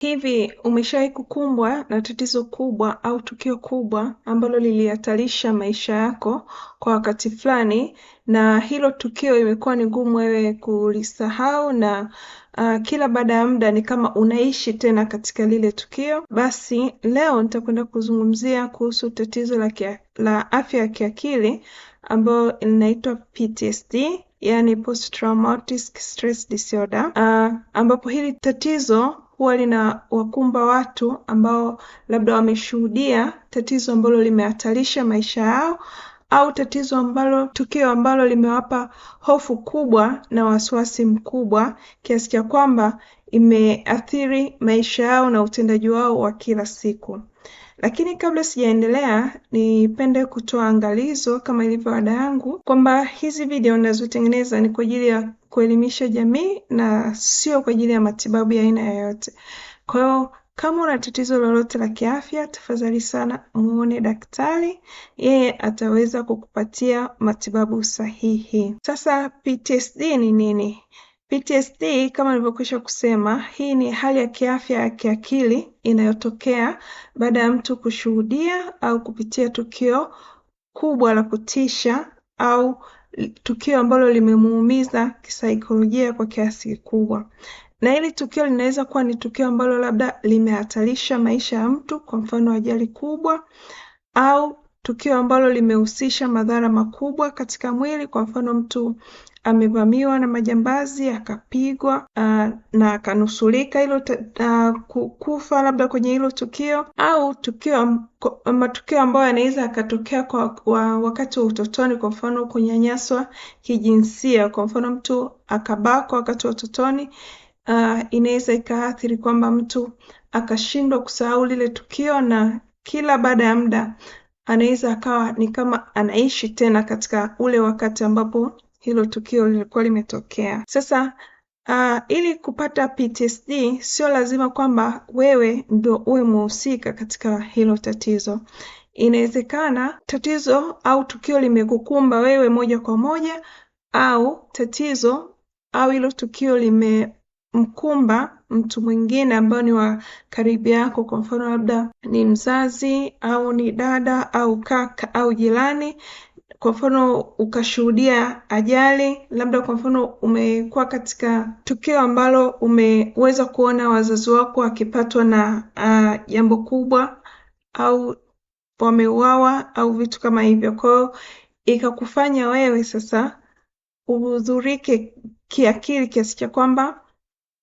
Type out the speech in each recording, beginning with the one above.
Hivi umeshawahi kukumbwa na tatizo kubwa au tukio kubwa ambalo lilihatarisha maisha yako kwa wakati fulani na hilo tukio imekuwa ni ngumu wewe kulisahau na uh, kila baada ya muda ni kama unaishi tena katika lile tukio? Basi leo nitakwenda kuzungumzia kuhusu tatizo la kia la afya ya kiakili ambayo linaitwa PTSD yani post traumatic stress disorder uh, ambapo hili tatizo huwa linawakumba watu ambao labda wameshuhudia tatizo ambalo limehatarisha maisha yao au tatizo ambalo tukio ambalo limewapa hofu kubwa na wasiwasi mkubwa kiasi cha kwamba imeathiri maisha yao na utendaji wao wa kila siku. Lakini kabla sijaendelea, nipende kutoa angalizo kama ilivyo ada yangu kwamba hizi video nazotengeneza ni kwa ajili ya kuelimisha jamii na sio kwa ajili ya matibabu ya aina yoyote. Kwa hiyo kama una tatizo lolote la kiafya, tafadhali sana muone daktari, yeye ataweza kukupatia matibabu sahihi. Sasa PTSD ni nini? PTSD kama nilivyokwisha kusema, hii ni hali ya kiafya ya kiakili inayotokea baada ya mtu kushuhudia au kupitia tukio kubwa la kutisha au tukio ambalo limemuumiza kisaikolojia kwa kiasi kikubwa na hili tukio linaweza kuwa ni tukio ambalo labda limehatarisha maisha ya mtu kwa mfano ajali kubwa au tukio ambalo limehusisha madhara makubwa katika mwili kwa mfano mtu amevamiwa na majambazi akapigwa ah, na akanusurika hilo ah, kufa labda kwenye hilo tukio au tukio matukio ambayo yanaweza akatokea kwa, kwa wakati wa utotoni, kwa mfano kunyanyaswa kijinsia, kwa mfano mtu akabakwa wakati wa utotoni. Uh, inaweza ikaathiri kwamba mtu akashindwa kusahau lile tukio na kila baada ya muda anaweza akawa ni kama anaishi tena katika ule wakati ambapo hilo tukio lilikuwa limetokea. Sasa uh, ili kupata PTSD sio lazima kwamba wewe ndo uwe mhusika katika hilo tatizo. Inawezekana tatizo au tukio limekukumba wewe moja kwa moja, au tatizo au hilo tukio limemkumba mtu mwingine ambao ni wa karibu yako, kwa mfano labda ni mzazi au ni dada au kaka au jirani, kwa mfano ukashuhudia ajali, labda kwa mfano umekuwa katika tukio ambalo umeweza kuona wazazi wako wakipatwa na uh, jambo kubwa au wameuawa au vitu kama hivyo. kwao ikakufanya wewe sasa uhudhurike kiakili kiasi cha kwamba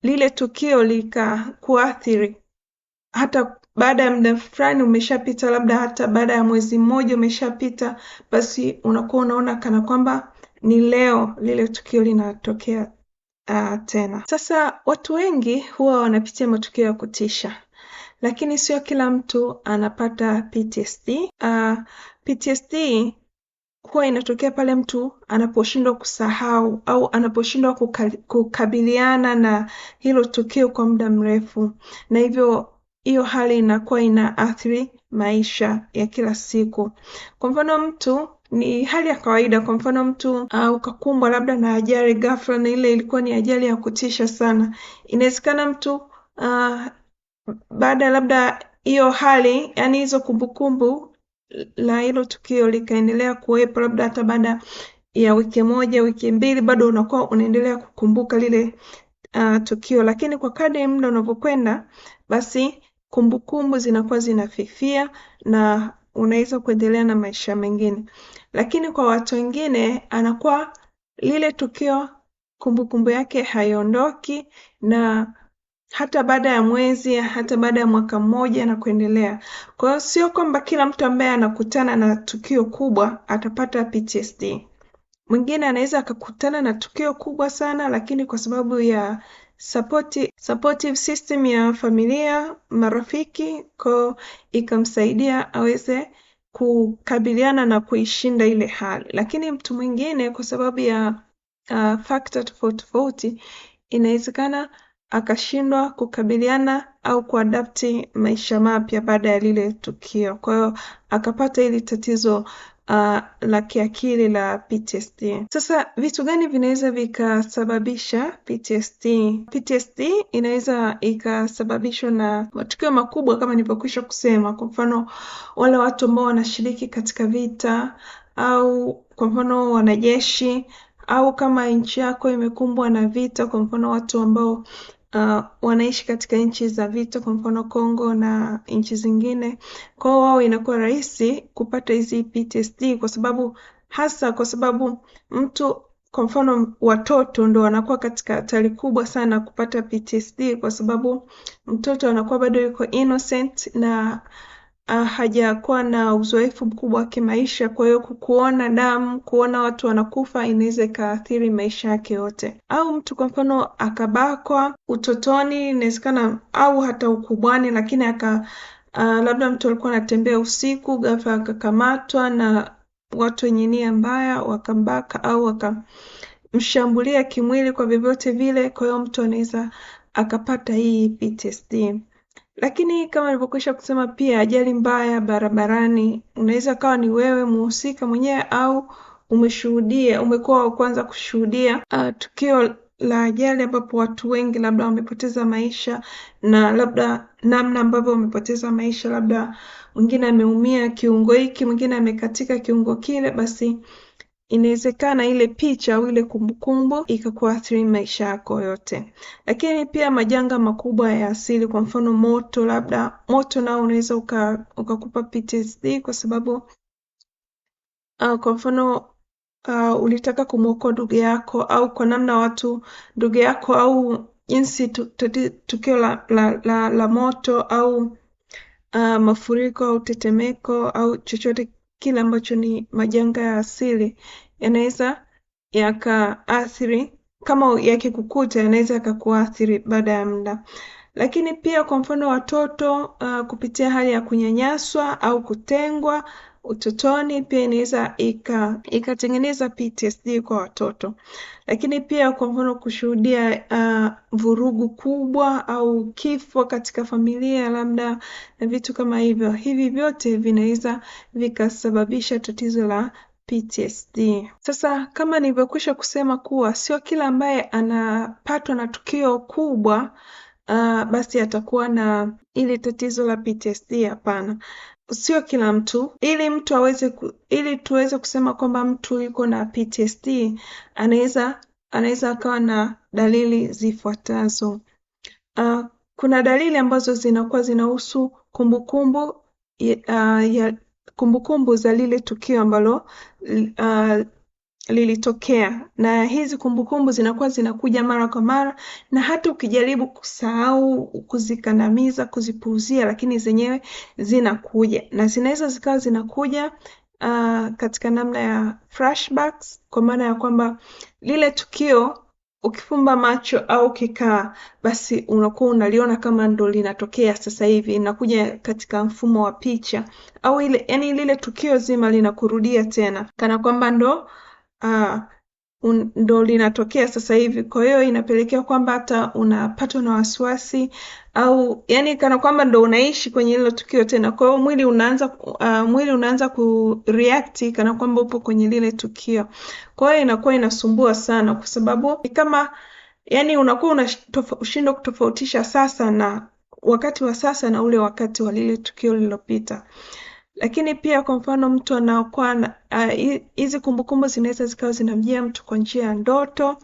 lile tukio likakuathiri hata baada ya muda fulani umeshapita labda hata baada ya mwezi mmoja umeshapita basi unakuwa unaona kana kwamba ni leo lile tukio linatokea uh, tena sasa watu wengi huwa wanapitia matukio ya kutisha lakini sio kila mtu anapata ptsd uh, ah, ptsd huwa inatokea pale mtu anaposhindwa kusahau au anaposhindwa kukabiliana na hilo tukio kwa muda mrefu na hivyo hiyo hali inakuwa inaathiri maisha ya kila siku. Kwa mfano mtu ni hali ya kawaida. Kwa mfano mtu uh, ukakumbwa labda na ajali ghafla, na ile ilikuwa ni ajali ya kutisha sana. Inawezekana mtu uh, baada labda hiyo hali, yani hizo kumbukumbu la hilo tukio likaendelea kuwepo, labda hata baada ya wiki moja, wiki mbili, bado unakuwa unaendelea kukumbuka lile uh, tukio, lakini kwa kadri muda unavyokwenda basi kumbukumbu zinakuwa zinafifia na unaweza kuendelea na maisha mengine lakini kwa watu wengine anakuwa lile tukio kumbukumbu yake haiondoki na hata baada ya mwezi hata baada ya mwaka mmoja na kuendelea kwa hiyo sio kwamba kila mtu ambaye anakutana na tukio kubwa atapata PTSD mwingine anaweza akakutana na tukio kubwa sana lakini kwa sababu ya supportive system ya familia marafiki ko ikamsaidia aweze kukabiliana na kuishinda ile hali lakini mtu mwingine kwa sababu ya uh, factor tofauti tofauti inawezekana akashindwa kukabiliana au kuadapti maisha mapya baada ya lile tukio kwa hiyo akapata ili tatizo uh, la kiakili la PTSD. Sasa vitu gani vinaweza vikasababisha PTSD? PTSD inaweza ikasababishwa na matukio makubwa kama nilivyokwisha kusema, kwa mfano wale watu ambao wanashiriki katika vita au kwa mfano wanajeshi au kama nchi yako imekumbwa na vita, kwa mfano watu ambao uh, wanaishi katika nchi za vita kwa mfano Kongo na nchi zingine. Kwao wao inakuwa rahisi kupata hizi PTSD kwa sababu hasa kwa sababu mtu kwa mfano watoto ndo wanakuwa katika hatari kubwa sana kupata PTSD kwa sababu mtoto anakuwa bado yuko innocent na Ah, hajakuwa na uzoefu mkubwa wa kimaisha, kwa hiyo kuona damu, kuona watu wanakufa inaweza ikaathiri maisha yake yote. Au mtu kwa mfano akabakwa utotoni, inawezekana au hata ukubwani, lakini aka uh, labda mtu alikuwa anatembea usiku, ghafla akakamatwa na watu wenye nia mbaya wakambaka au wakamshambulia kimwili kwa vyovyote vile. Kwa hiyo mtu anaweza akapata hii PTSD. Lakini kama nilivyokwisha kusema pia, ajali mbaya barabarani unaweza ukawa ni wewe muhusika mwenyewe au umeshuhudia, umekuwa wa kwanza kushuhudia uh, tukio la ajali ambapo watu wengi labda wamepoteza maisha, na labda namna ambavyo wamepoteza maisha, labda mwingine ameumia kiungo hiki, mwingine amekatika kiungo kile, basi inawezekana ile picha au ile kumbukumbu ikakuathiri maisha yako yote. Lakini pia majanga makubwa ya asili, kwa mfano moto, labda moto nao unaweza uka, ukakupa PTSD kwa sababu uh, kwa mfano uh, ulitaka kumwokoa ndugu yako au kwa namna watu ndugu yako au jinsi tukio la, la, la, la moto au uh, mafuriko au tetemeko au chochote kile ambacho ni majanga ya asili yanaweza yakaathiri kama yakikukuta yanaweza yakakuathiri baada ya muda. Lakini pia kwa mfano watoto uh, kupitia hali ya kunyanyaswa au kutengwa utotoni pia inaweza ikatengeneza ika PTSD kwa watoto, lakini pia kwa mfano kushuhudia uh, vurugu kubwa au kifo katika familia labda na vitu kama hivyo, hivi vyote vinaweza vikasababisha tatizo la PTSD. Sasa kama nilivyokwisha kusema kuwa sio kila ambaye anapatwa na tukio kubwa Uh, basi atakuwa na ile tatizo la PTSD hapana sio kila mtu ili mtu aweze ku, ili tuweze kusema kwamba mtu yuko na PTSD anaweza anaweza akawa na dalili zifuatazo. Uh, kuna dalili ambazo zinakuwa zinahusu kumbukumbu uh, ya kumbukumbu za lile tukio ambalo uh, lilitokea na hizi kumbukumbu zinakuwa zinakuja mara kwa mara, na hata ukijaribu kusahau, kuzikandamiza, kuzipuuzia, lakini zenyewe zinakuja na zinaweza zikawa zinakuja uh, katika namna ya flashbacks, kwa maana ya kwamba lile tukio ukifumba macho au ukikaa, basi unakuwa unaliona kama ndo linatokea sasa hivi, inakuja katika mfumo wa picha au ile, yani lile tukio zima linakurudia tena kana kwamba ndo Ah, ndo linatokea sasa hivi kwa hiyo inapelekea kwamba hata unapatwa na wasiwasi au yani kana kwamba ndo unaishi kwenye hilo tukio tena kwa hiyo mwili unaanza uh, mwili unaanza kureact kana kwamba upo kwenye lile tukio kwa hiyo inakuwa inasumbua sana kwa sababu ni kama yani unakuwa unashindwa kutofautisha sasa na wakati wa sasa na ule wakati wa lile tukio lililopita lakini pia kwa mfano mtu anakuwa hizi uh, kumbukumbu zinaweza zikawa zinamjia mtu kwa njia ya ndoto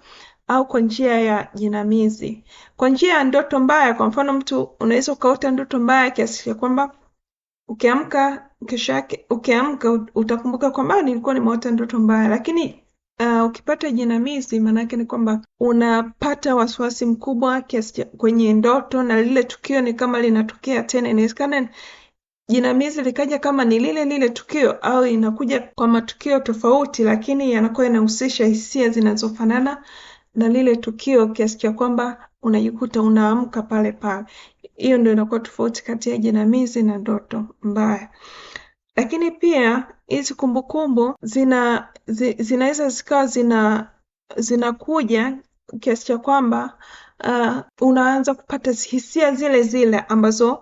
au kwa njia ya jinamizi. Kwa njia ya ndoto mbaya, kwa mfano mtu unaweza ukaota ndoto mbaya kiasi cha kwamba ukiamka kesho yake ukiamka utakumbuka kwamba ah, nilikuwa nimeota ndoto mbaya, lakini uh, ukipata jinamizi maanaake ni kwamba unapata wasiwasi mkubwa kiasi kwenye ndoto, na lile tukio ni kama linatokea tena, inawezekana Jinamizi likaja kama ni lile lile tukio au inakuja kwa matukio tofauti lakini yanakuwa yanahusisha hisia zinazofanana na lile tukio kiasi cha kwamba unajikuta unaamka pale pale. Hiyo ndio inakuwa tofauti kati ya jinamizi na ndoto mbaya. Lakini pia hizi kumbukumbu zina zi, zinaweza zikawa zina zinakuja kiasi cha kwamba uh, unaanza kupata hisia zile zile ambazo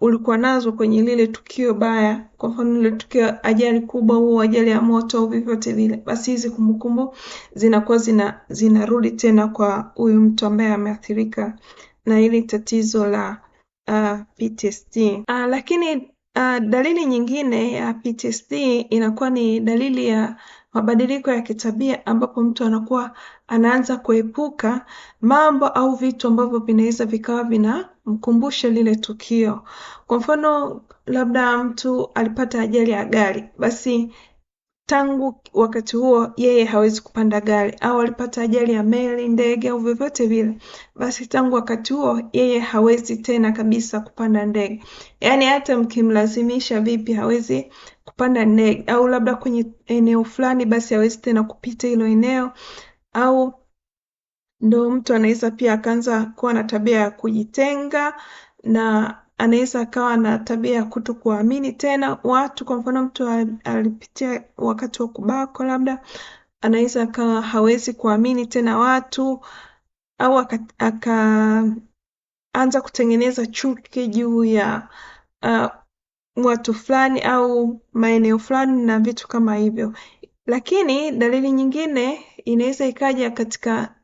ulikuwa nazo kwenye lile tukio baya, kwa mfano lile tukio ajali kubwa au ajali ya moto au vyovyote vile, basi hizi kumbukumbu zinakuwa zina zinarudi tena kwa huyu mtu ambaye ameathirika na hili tatizo la uh, ah, PTSD. Uh, ah, lakini uh, dalili nyingine ya PTSD inakuwa ni dalili ya mabadiliko ya kitabia ambapo mtu anakuwa anaanza kuepuka mambo au vitu ambavyo vinaweza vikawa vinamkumbusha lile tukio. Kwa mfano, labda mtu alipata ajali ya gari, basi tangu wakati huo yeye hawezi kupanda gari, au alipata ajali ya meli, ndege au vyovyote vile, basi tangu wakati huo yeye hawezi tena kabisa kupanda ndege. Yaani hata mkimlazimisha vipi hawezi kupanda ndege au labda kwenye eneo fulani basi hawezi tena kupita hilo eneo au ndo mtu anaweza pia akaanza kuwa na tabia ya kujitenga na anaweza akawa na tabia ya kuto kuwaamini tena watu. Kwa mfano, mtu alipitia wakati wa kubako labda anaweza akawa hawezi kuamini tena watu au akaanza aka kutengeneza chuki juu ya uh, watu fulani au maeneo fulani na vitu kama hivyo. Lakini dalili nyingine inaweza ikaja katika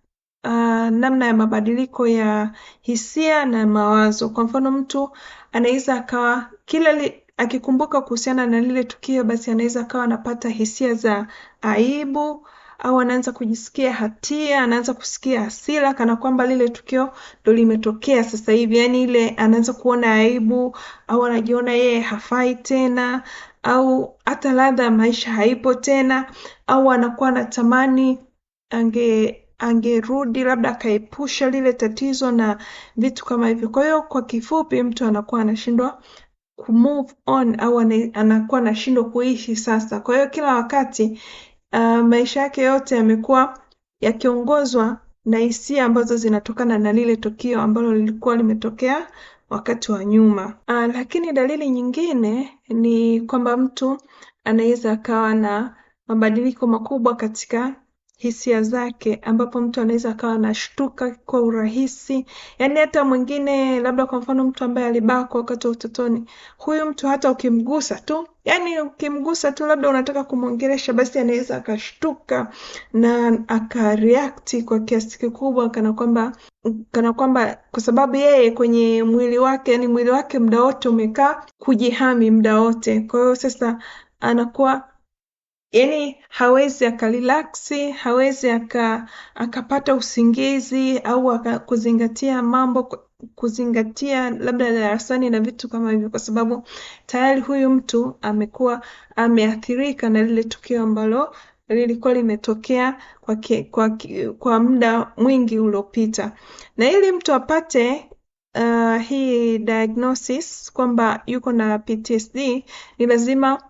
uh, namna ya mabadiliko ya hisia na mawazo. Kwa mfano, mtu anaweza akawa kila li, akikumbuka kuhusiana na lile tukio, basi anaweza akawa anapata hisia za aibu au anaanza kujisikia hatia, anaanza kusikia hasira kana kwamba lile tukio ndo limetokea sasa hivi, Yani ile anaanza kuona aibu au anajiona yeye hafai tena au hata ladha ya maisha haipo tena, au anakuwa anatamani ange angerudi labda akaepusha lile tatizo na vitu kama hivyo. Kwa hiyo kwa kifupi, mtu anakuwa anashindwa kumove on au anakuwa anashindwa kuishi sasa. Kwa hiyo kila wakati uh, maisha yake yote yamekuwa yakiongozwa na hisia ambazo zinatokana na lile tukio ambalo lilikuwa limetokea wakati wa nyuma. Uh, lakini dalili nyingine ni kwamba mtu anaweza akawa na mabadiliko makubwa katika hisia zake ambapo mtu anaweza akawa anashtuka kwa urahisi yani hata mwingine labda kwa mfano mtu ambaye alibakwa wakati wa utotoni huyu mtu hata ukimgusa tu yani ukimgusa tu labda unataka kumwongelesha basi anaweza akashtuka na akareakti kwa kiasi kikubwa kana kwamba kana kwamba kwa sababu yeye kwenye mwili wake yani mwili wake muda wote umekaa kujihami muda wote kwa hiyo sasa anakuwa yani hawezi akarilaksi hawezi aka akapata usingizi au akakuzingatia kuzingatia mambo kuzingatia labda darasani na vitu kama hivyo, kwa sababu tayari huyu mtu amekuwa ameathirika na lile tukio ambalo lilikuwa limetokea kwa, kwa, kwa muda mwingi uliopita, na ili mtu apate uh, hii diagnosis kwamba yuko na PTSD ni lazima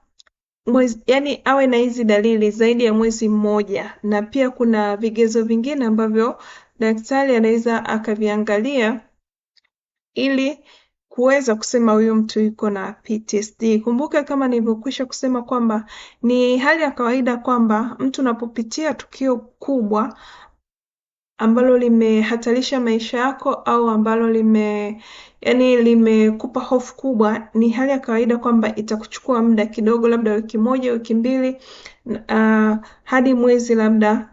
yani awe na hizi dalili zaidi ya mwezi mmoja, na pia kuna vigezo vingine ambavyo daktari anaweza akaviangalia ili kuweza kusema huyu mtu yuko na PTSD. Kumbuka kama nilivyokwisha kusema kwamba ni hali ya kawaida kwamba mtu unapopitia tukio kubwa ambalo limehatarisha maisha yako au ambalo lime yani limekupa hofu kubwa, ni hali ya kawaida kwamba itakuchukua muda kidogo, labda wiki moja, wiki mbili, uh, hadi mwezi labda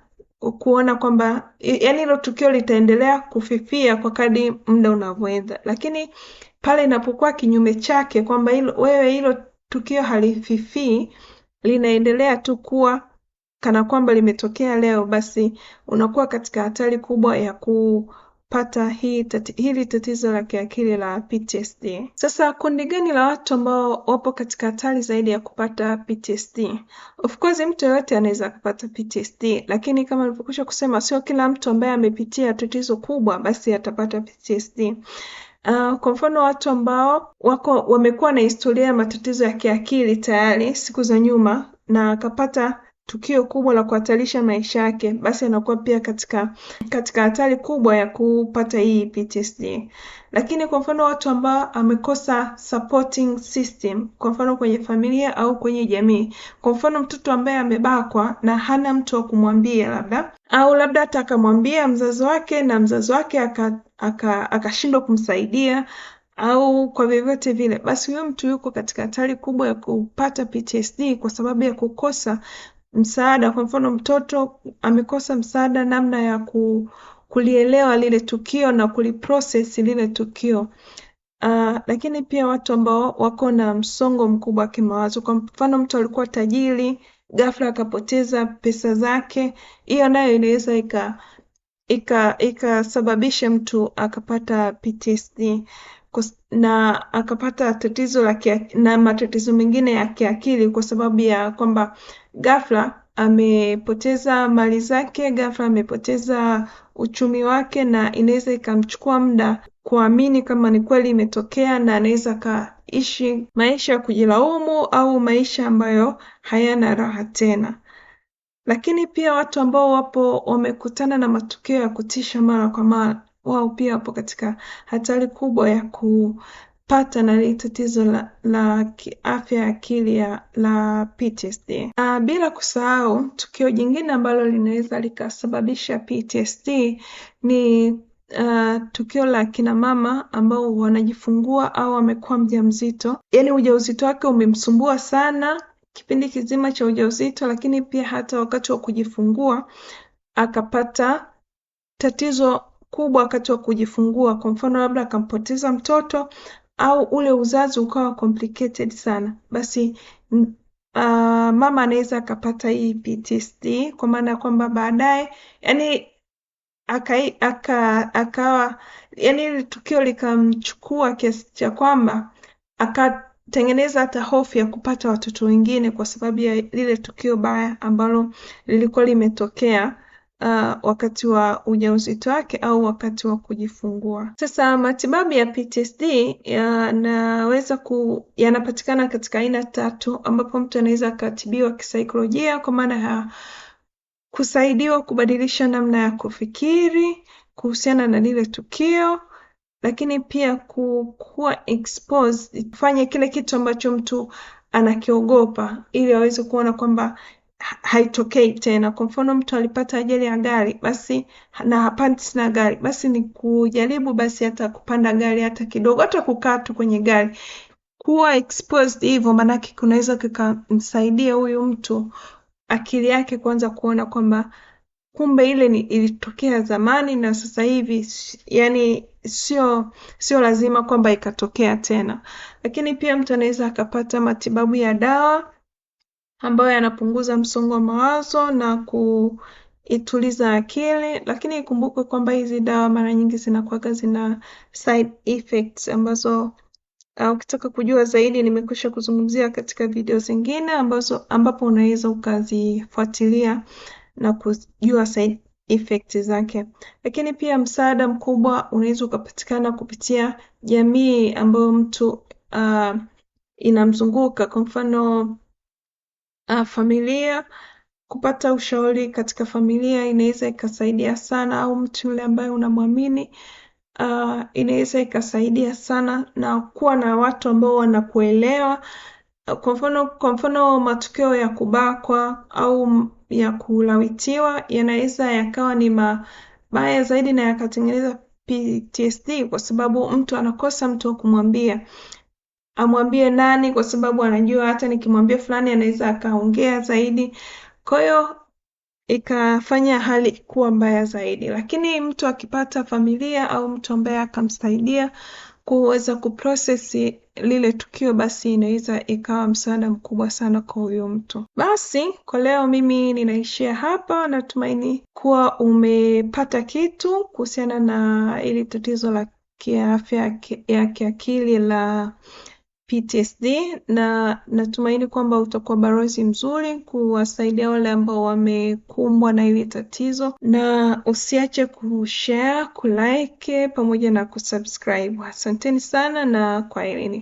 kuona kwamba yani hilo tukio litaendelea kufifia kwa kadri muda unavyoenda, lakini pale inapokuwa kinyume chake kwamba wewe hilo tukio halififii, linaendelea tu kuwa kana kwamba limetokea leo basi unakuwa katika hatari kubwa ya ku pata hii tati, hili tatizo la kiakili la PTSD. Sasa kundi gani la watu ambao wapo katika hatari zaidi ya kupata PTSD? Of course mtu yeyote anaweza kupata PTSD, lakini kama nilivyokwisha kusema, sio kila mtu ambaye amepitia tatizo kubwa basi atapata PTSD. Uh, kwa mfano watu ambao wako wamekuwa na historia ya matatizo ya kiakili tayari siku za nyuma na akapata tukio kubwa la kuhatarisha maisha yake basi anakuwa pia katika katika hatari kubwa ya kupata hii PTSD lakini kwa mfano watu ambao amekosa supporting system kwa mfano kwenye familia au kwenye jamii kwa mfano mtoto ambaye amebakwa na hana mtu wa kumwambia labda au labda hata akamwambia mzazi wake na mzazi wake akashindwa aka, aka kumsaidia au kwa vyovyote vile, basi huyo mtu yuko katika hatari kubwa ya kupata PTSD kwa sababu ya kukosa msaada kwa mfano mtoto amekosa msaada namna ya ku, kulielewa lile tukio na kuliprocess lile tukio uh, lakini pia watu ambao wako na msongo mkubwa wa kimawazo kwa mfano mtu alikuwa tajiri ghafla akapoteza pesa zake hiyo nayo inaweza ika ikasababisha ika mtu akapata PTSD na akapata tatizo la na matatizo mengine ya kiakili kwa sababu ya kwamba ghafla amepoteza mali zake, ghafla amepoteza uchumi wake, na inaweza ikamchukua muda kuamini kama ni kweli imetokea, na anaweza akaishi maisha ya kujilaumu au maisha ambayo hayana raha tena. Lakini pia watu ambao wapo wamekutana na matukio ya kutisha mara kwa mara wao pia wapo katika hatari kubwa ya kupata na hili tatizo la, la kiafya ya akili la PTSD. Aa, ah, bila kusahau tukio jingine ambalo linaweza likasababisha PTSD ni Uh, tukio la kina mama ambao wanajifungua au wamekuwa mjamzito, yaani ujauzito wake umemsumbua sana kipindi kizima cha ujauzito, lakini pia hata wakati wa kujifungua akapata tatizo kubwa wakati wa kujifungua kwa mfano labda akampoteza mtoto au ule uzazi ukawa complicated sana basi uh, mama anaweza akapata hii PTSD kwa maana ya kwamba baadaye yani aka, aka, akawa yani ile tukio likamchukua kiasi cha kwamba akatengeneza hata hofu ya kupata watoto wengine kwa sababu ya lile tukio baya ambalo lilikuwa limetokea Uh, wakati wa ujauzito wake au wakati wa kujifungua. Sasa matibabu ya PTSD uh, yanaweza ku, yanapatikana katika aina tatu, ambapo mtu anaweza akatibiwa kisaikolojia kwa maana ya kusaidiwa kubadilisha namna ya kufikiri kuhusiana na lile tukio lakini pia kukuwa exposed, kufanya kile kitu ambacho mtu anakiogopa ili aweze kuona kwamba haitokei tena kwa mfano mtu alipata ajali ya gari basi na hapandi tena gari basi ni kujaribu basi hata kupanda gari hata kidogo hata kukaa tu kwenye gari kuwa exposed hivyo maanake kunaweza kikamsaidia huyu mtu akili yake kuanza kuona kwamba kumbe ile ni ilitokea zamani na sasa hivi yani sio sio lazima kwamba ikatokea tena lakini pia mtu anaweza akapata matibabu ya dawa ambayo yanapunguza msongo wa mawazo na kuituliza akili, lakini ikumbukwe kwamba hizi dawa mara nyingi zinakuwaga zina side effects ambazo Uh, ukitaka kujua zaidi nimekwisha kuzungumzia katika video zingine ambazo ambapo unaweza ukazifuatilia na kujua side effect zake. Lakini pia msaada mkubwa unaweza ukapatikana kupitia jamii ambayo mtu uh, inamzunguka. Kwa mfano Ah, familia kupata ushauri katika familia inaweza ikasaidia sana au mtu yule ambaye unamwamini uh, inaweza ikasaidia sana na kuwa na watu ambao wanakuelewa kwa mfano kwa mfano matukio ya kubakwa au ya kulawitiwa yanaweza yakawa ni mabaya zaidi na yakatengeneza PTSD kwa sababu mtu anakosa mtu wa kumwambia amwambie nani kwa sababu anajua hata nikimwambia fulani anaweza akaongea zaidi kwa hiyo ikafanya hali kuwa mbaya zaidi lakini mtu akipata familia au mtu ambaye akamsaidia kuweza kuprosesi lile tukio basi inaweza ikawa msaada mkubwa sana kwa huyo mtu basi kwa leo mimi ninaishia hapa natumaini kuwa umepata kitu kuhusiana na ili tatizo la kiafya ya kiakili la PTSD na natumaini kwamba utakuwa balozi mzuri kuwasaidia wale ambao wamekumbwa na hili tatizo, na usiache kushare, kulike pamoja na kusubscribe. Asanteni sana na kwaherini.